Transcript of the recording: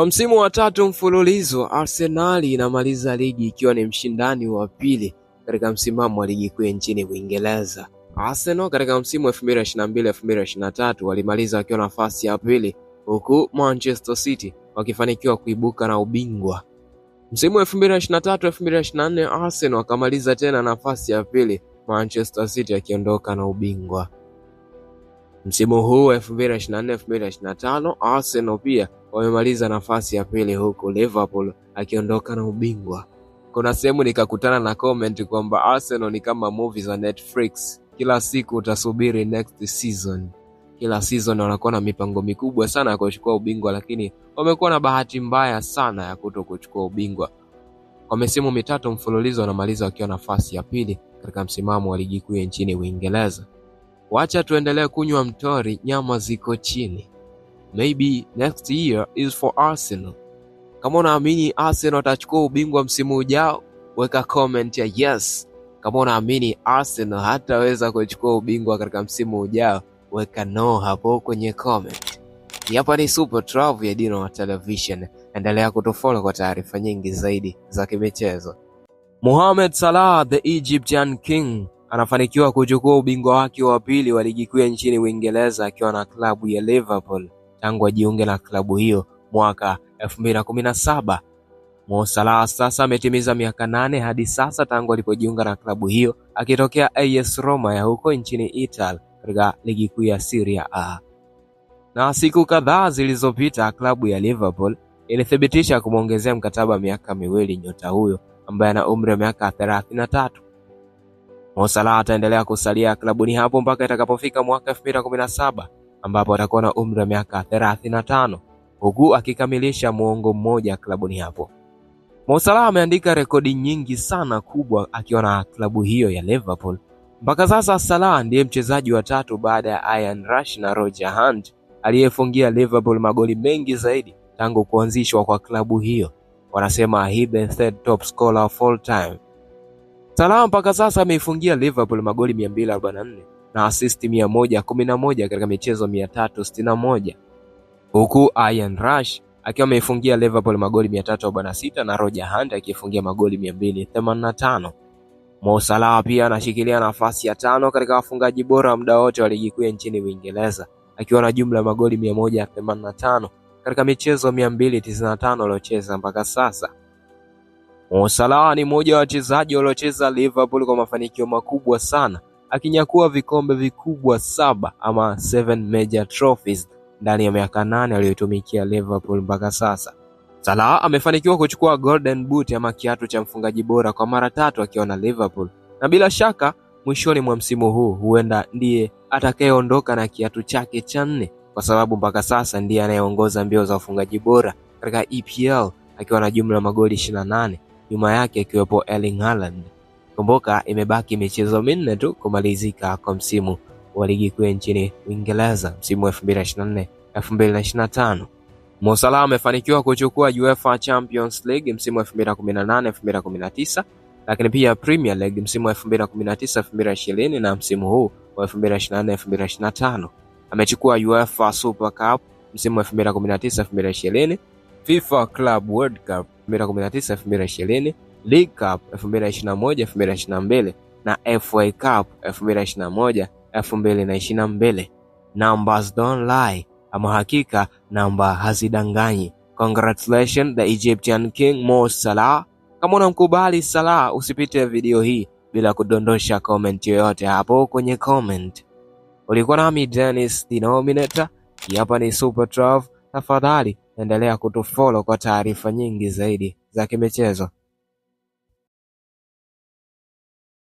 Kwa msimu wa tatu mfululizo arsenal inamaliza ligi ikiwa ni mshindani wa pili katika msimamo wa ligi kuu nchini Uingereza. Arsenal katika msimu wa 2022-2023 walimaliza wakiwa nafasi ya pili huku Manchester City wakifanikiwa kuibuka na ubingwa. Msimu wa 2023-2024 Arsenal wakamaliza tena nafasi ya pili, Manchester City akiondoka na ubingwa. Msimu huu 2024 2025 Arsenal pia wamemaliza nafasi ya pili, huku Liverpool akiondoka na ubingwa. Kuna sehemu nikakutana na comment kwamba Arsenal ni kama movie za Netflix, kila siku utasubiri next season. Kila season wanakuwa na mipango mikubwa sana ya kuchukua ubingwa, lakini wamekuwa na bahati mbaya sana ya kuto kuchukua ubingwa. Kwa misimu mitatu mfululizo wanamaliza wakiwa nafasi ya pili katika msimamo wa ligi kuu ya nchini Uingereza. Wacha tuendelee kunywa mtori, nyama ziko chini. Maybe next year is for Arsenal. Kama unaamini Arsenal atachukua ubingwa msimu ujao, weka comment ya yes. Kama unaamini Arsenal hataweza kuchukua ubingwa katika msimu ujao, weka no hapo kwenye comment. Hapa ni Super Travel ya Dino Television. Endelea kutufollow kwa taarifa nyingi zaidi za kimichezo. Mohamed Salah the Egyptian King anafanikiwa kuchukua ubingwa wake wa pili wa ligi kuu ya nchini Uingereza akiwa na klabu ya Liverpool tangu ajiunge na klabu hiyo mwaka 2017. Mo Salah sasa ametimiza miaka nane hadi sasa tangu alipojiunga na klabu hiyo akitokea AS Roma ya huko nchini Italy katika ligi kuu ya Serie A. Na siku kadhaa zilizopita klabu ya Liverpool ilithibitisha kumwongezea mkataba miaka miwili nyota huyo ambaye ana umri wa miaka 33. Mo Salah ataendelea kusalia klabuni hapo mpaka itakapofika mwaka 2017 ambapo atakuwa na umri wa miaka 35 huku akikamilisha muongo mmoja klabuni hapo. Mo Salah ameandika rekodi nyingi sana kubwa akiwa na klabu hiyo ya Liverpool. Mpaka sasa Salah ndiye mchezaji wa tatu baada ya Ian Rush na Roger Hunt aliyefungia Liverpool magoli mengi zaidi tangu kuanzishwa kwa klabu hiyo. Wanasema he the third top scorer of all time. Salah mpaka sasa ameifungia Liverpool magoli 244 na asisti 111 katika michezo 361 huku Ian Rush akiwa ameifungia Liverpool magoli 346 na Roger Hunt akifungia magoli 285. Mo Salah pia anashikilia nafasi ya tano katika wafungaji bora muda wote wa ligi kuu nchini Uingereza akiwa na jumla ya magoli 185 katika michezo 295 aliocheza mpaka sasa. Mo ni mmoja wa wachezaji waliocheza Liverpool kwa mafanikio makubwa sana akinyakua vikombe vikubwa saba ama seven major trophies ndani ya miaka nane aliyotumikia Liverpool mpaka sasa. Salah amefanikiwa kuchukua Golden Boot ama kiatu cha mfungaji bora kwa mara tatu akiwa na Liverpool, na bila shaka mwishoni mwa msimu huu huenda ndiye atakayeondoka na kiatu chake cha nne, kwa sababu mpaka sasa ndiye anayeongoza mbio za ufungaji bora katika EPL akiwa na jumla ya magoli 28 nyuma yake akiwepo Erling Haaland. Kumbuka imebaki michezo minne tu kumalizika kwa msimu wa ligi kuu nchini Uingereza msimu wa 2024 2025. Mo Salah amefanikiwa kuchukua UEFA Champions League msimu wa 2018 2019, lakini pia Premier League msimu wa 2019 2020 na msimu huu wa 2024 2025. Amechukua UEFA Super Cup msimu wa 2019 2020, FIFA Club World Cup mbili na League Cup elfu mbili na ishirini FA Cup elfu mbili Numbers don't lie, ama hakika namba hazidanganyi. Congratulations the Egyptian King Mo Salah. Kama unamkubali Salah, usipite video hii bila kudondosha comment yoyote hapo kwenye comment. Ulikuwa nami Dennis the Nominator, hapa ni Super Trav. Tafadhali endelea kutufollow kwa taarifa nyingi zaidi za kimichezo